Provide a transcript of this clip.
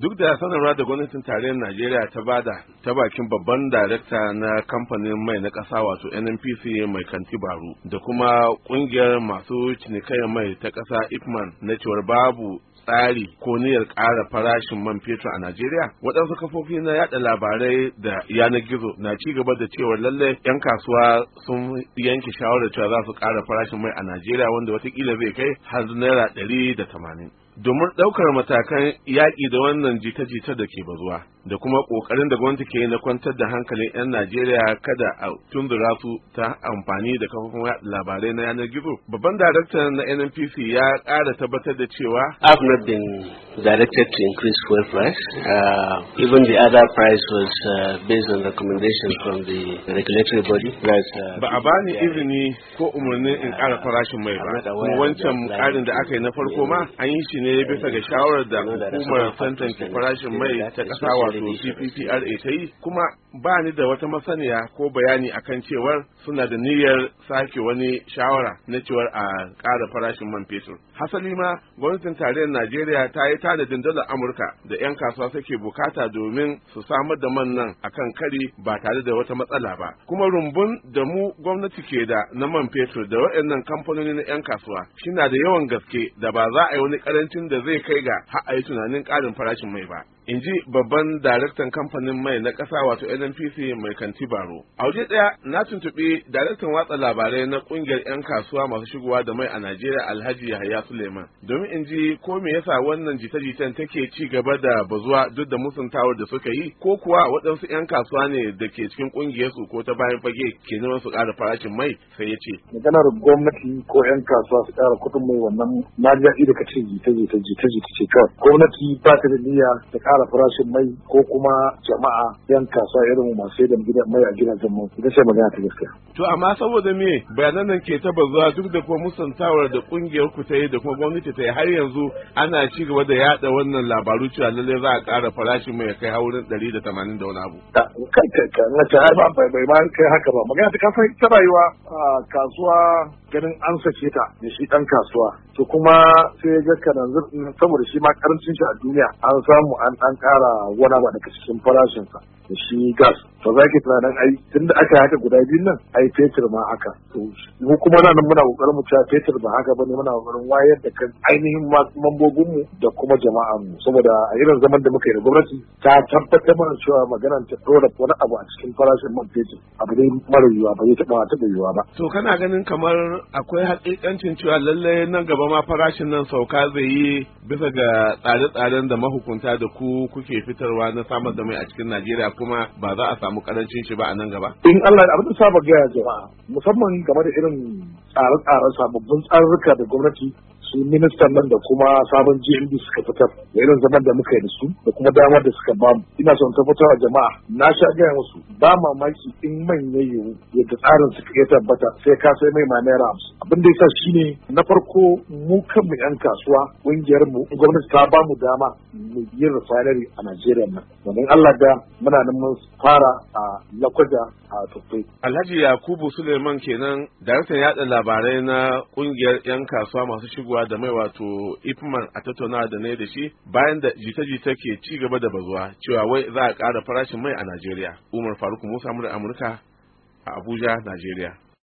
duk da sanarwa da gwamnatin tarayyar najeriya ta bada ta bakin babban darekta na kamfanin mai na ƙasa wato nnpc mai kanti baru da kuma ƙungiyar masu cinikaya mai ta ƙasa ipman na cewar babu tsari ko niyyar ƙara farashin man fetur a Najeriya waɗansu kafofi na yada labarai da yanar gizo na ci gaba da cewa lallai 'yan kasuwa sun yanke shawarar cewa za su ƙara farashin mai a Najeriya wanda watakila zai kai har naira ɗari da tamanin. domin ɗaukar matakan yaƙi da wannan jita-jita da ke bazuwa. da kuma kokarin da gwamnati ke na kwantar da hankalin 'yan Najeriya kada a tunzura su ta amfani da kafofin labarai na yanar gizo. Babban darakta na NNPC ya ƙara tabbatar da cewa I've not been directed to increase fuel price. Uh, even the other price was uh, based on recommendations from the regulatory body. Uh, ba a bani izini ko umarnin in ƙara farashin mai ba. Wancan ƙarin da aka yi na farko ma an yi shi ne bisa ga shawarar da hukumar tantance farashin mai ta kasawa. wato CPPRA ta yi kuma ba ni da wata masaniya ko bayani a kan cewar suna da niyyar sake wani shawara na cewar a ƙara farashin man fetur. Hasali ma gwamnatin tarayyar Najeriya ta yi tanadin dalar Amurka da 'yan kasuwa suke bukata domin su samar da man nan kan kari ba tare da wata matsala ba. Kuma rumbun da mu gwamnati ke da na man fetur da waɗannan kamfanoni na 'yan kasuwa shi na da yawan gaske da ba za a yi wani karancin da zai kai ga har a yi tunanin ƙarin farashin mai ba. in ji babban daraktan kamfanin mai na ƙasa wato nnpc mai kanti baro a waje ɗaya na tuntuɓi daraktan watsa labarai na ƙungiyar 'yan kasuwa masu shigowa da mai a najeriya alhaji yahaya suleiman domin in ji ko me yasa wannan jita-jitan take ci gaba da bazuwa duk da musuntawar da suka yi ko kuwa waɗansu 'yan kasuwa ne da ke cikin ƙungiyar ko ta bayan fage ke neman su ƙara farashin mai sai ya ce maganar gwamnati ko 'yan kasuwa su ƙara kuɗin mai wannan na ji da ka ce jita-jita jita-jita ce kawai gwamnati ba ta da niyya ƙara farashin mai ko kuma jama'a yan kasuwa irin masu da gida mai a gidajen mu ita ce magana ta gaskiya. To amma saboda me bayanan nan ke ta bazuwa duk da kuma musantawar da kungiyar ku ta yi da kuma gwamnati ta yi har yanzu ana ci gaba da yada wannan labaru cewa lalle za a ƙara farashin mai kai haurin ɗari da tamanin da wani abu. Kai kai kai na ta bai ma kai haka ba magana ta kasan ta rayuwa a kasuwa ganin an sake ta da shi dan kasuwa to kuma sai ya ga kananzir saboda shi ma karancin shi a duniya an samu an dan kara wani ba daga cikin farashin sa da shi gas to za ki tunanin ai tunda aka haka guda biyu nan ai fetur ma haka to mu kuma nan muna kokarin mu cewa fetur ba haka bane muna kokarin wayar da kan ainihin mambobin mu da kuma jama'an mu saboda a irin zaman da muka yi da gwamnati ta tabbatar mana cewa maganar ta dora wani abu a cikin farashin man fetur abu ne mara yiwuwa ba zai taba taba yiwuwa ba to kana ganin kamar akwai hakikancin cewa lalle nan gaba ma farashin nan sauka zai yi bisa ga tsare-tsaren da mahukunta da ku kuke fitarwa na samar da mai a cikin Najeriya kuma ba za a samu samu karancin shi ba a nan gaba? In Allah da abin saba gaya jama'a musamman game da irin tsare-tsaren sababbin tsarurruka da gwamnati su ministan nan da kuma sabon GMD suka fitar da irin zaman da muka yi da su da kuma damar da suka bamu ina son tabbatar wa jama'a na sha gaya musu ba mamaki in manya yiwu yadda tsarin suka iya tabbata sai ka sai mai ma naira hamsin abin da yasa shine na farko mu kanmu yan kasuwa ƙungiyar mu gwamnati ta ba mu dama mu yi refinery a Najeriya nan domin Allah da muna nan mun fara a Lakwaja a tuffai. Alhaji Yakubu Suleiman kenan daraktan yada labarai na ƙungiyar yan kasuwa masu shigowa da mai wato Ifman a tattauna da na da shi bayan da jita-jita ke ci gaba da bazuwa cewa wai za a ƙara farashin mai a Najeriya Umar Faruk Musa Amurka a Abuja Najeriya